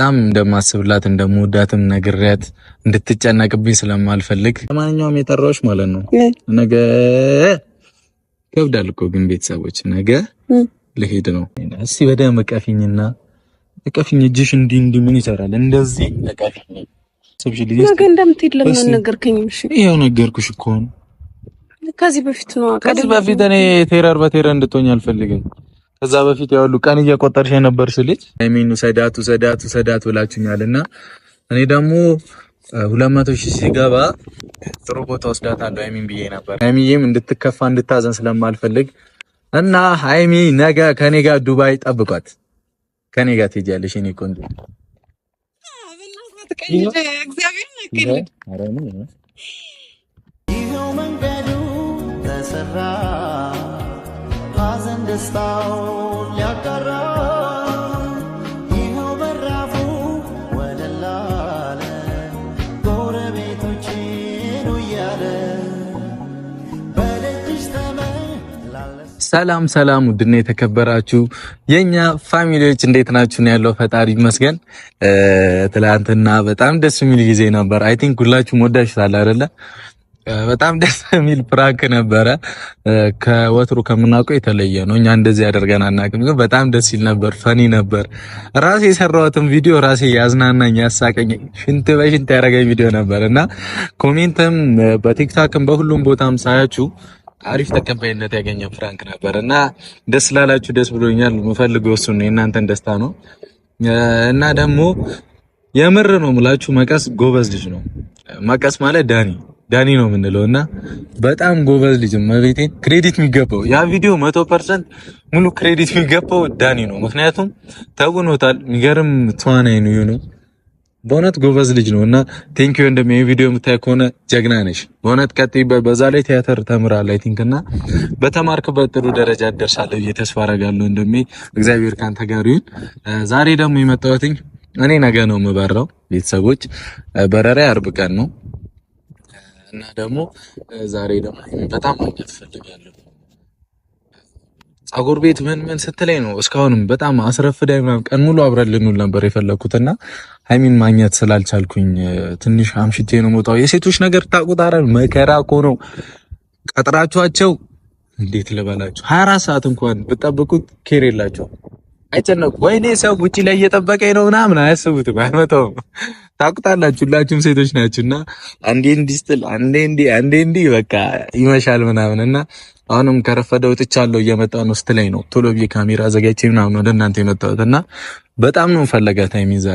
በጣም እንደማስብላት እንደምወዳትም ነግሬያት እንድትጨነቅብኝ ስለማልፈልግ ለማንኛውም የጠራዎች ማለት ነው። ነገ ከብዳል እኮ ግን ቤተሰቦች ነገ ልሄድ ነው። እስቲ በደምብ እቀፊኝና እቀፊኝ። እጅሽ እንዲህ እንዲህ ምን ይሰራል? እንደዚህ እቀፊኝ። ነገ እንደምትሄድ ለምን ነገርከኝ? ይኸው ነገርኩሽ እኮ ከዚህ በፊት ነው። ከዚህ በፊት እኔ ቴረር በቴረር እንድትሆኝ አልፈልግም። ከዛ በፊት ያሉ ቀን እየቆጠርሽ የነበርሽ ልጅ ሃይሚን ሰዳቱ ሰዳቱ ሰዳቱ ብላችሁኛል እና እኔ ደግሞ ሁለት መቶ ሺህ ሲገባ ጥሩ ቦታ ወስዳታለሁ ሃይሚን ብዬ ነበር። ሃይሚም እንድትከፋ እንድታዘን ስለማልፈልግ እና ሃይሚ ነገ ከኔ ጋር ዱባይ ጠብቋት፣ ከኔ ጋር ትሄጃለሽ። እኔ ቆንጆ ይኸው መንገዱ ተሰራ ደስታውን ሊያጋራ ይኸው በራፉ እያለ ተመላለስ። ሰላም ሰላም! ውድና የተከበራችሁ የእኛ ፋሚሊዎች እንዴት ናችሁ? ነው ያለው። ፈጣሪ ይመስገን። ትላንትና በጣም ደስ የሚል ጊዜ ነበር። አይ ቲንክ ሁላችሁም ወዳችሁታል አይደለ? በጣም ደስ የሚል ፕራንክ ነበረ። ከወትሩ ከምናውቀው የተለየ ነው። እኛ እንደዚህ ያደርገን አናውቅም፣ ግን በጣም ደስ ይል ነበር። ፈኒ ነበር። ራሴ የሰራሁትን ቪዲዮ ራሴ ያዝናናኝ፣ ያሳቀኝ፣ ሽንት በሽንት ያደረገኝ ቪዲዮ ነበር እና ኮሜንትም በቲክታክም በሁሉም ቦታም ሳያችሁ አሪፍ ተቀባይነት ያገኘ ፕራንክ ነበር እና ደስ ላላችሁ ደስ ብሎኛል። የምፈልገው እሱን ነው፣ የእናንተን ደስታ ነው እና ደግሞ የምር ነው የምላችሁ መቀስ ጎበዝ ልጅ ነው። መቀስ ማለት ዳኒ ዳኒ ነው የምንለው እና በጣም ጎበዝ ልጅ መቤቴን ክሬዲት የሚገባው ያ ቪዲዮ መቶ ፐርሰንት ሙሉ ክሬዲት የሚገባው ዳኒ ነው። ምክንያቱም ተጉኖታል። የሚገርም ተዋናይ ነው ነው በእውነት ጎበዝ ልጅ ነው እና ቴንኪዩ ወንድሜ፣ ይሄ ቪዲዮ የምታይ ከሆነ ጀግና ነሽ በእውነት ቀጥይበት። በዛ ላይ ቲያትር ተምራል አይ ቲንክ እና በተማርክበት ጥሩ ደረጃ ትደርሳለህ ብዬ ተስፋ አደርጋለሁ ወንድሜ። እግዚአብሔር ካንተ ጋር ይሁን። ዛሬ ደግሞ የመጣሁት እኔ ነገ ነው የምበረው ቤተሰቦች፣ በረራ አርብ ቀን ነው እና ደግሞ ዛሬ ደግሞ በጣም ማግኘት እፈልጋለሁ። ጸጉር ቤት ምን ምን ስትለኝ ነው እስካሁንም በጣም አስረፍዳኝ ምናምን ቀን ሙሉ አብረን ልንውል ነበር የፈለግኩት እና ሀይሚን ማግኘት ስላልቻልኩኝ ትንሽ አምሽቴ ነው መውጣው። የሴቶች ነገር ታቁጣረ መከራ እኮ ነው። ቀጥራችኋቸው እንዴት ልበላችሁ ሀያ አራት ሰዓት እንኳን ብጠብቁት ኬር የላቸው አይጨነቁ። ወይኔ ሰው ውጪ ላይ እየጠበቀኝ ነው ምናምን አያስቡትም፣ አይመጣውም። ታውቁታላችሁ፣ ሁላችሁም ሴቶች ናችሁና አንዴ እንዲህ ስትል አንዴ እንዲህ አንዴ እንዲህ በቃ ይመሻል ምናምን እና አሁንም ከረፈደ ወጥቻለሁ እየመጣ ነው ስትለኝ ነው ቶሎ ብዬ ካሜራ አዘጋጅቼ ምናምን ወደ እናንተ የመጣሁት እና በጣም ነው ፈለጋት አይሚዛ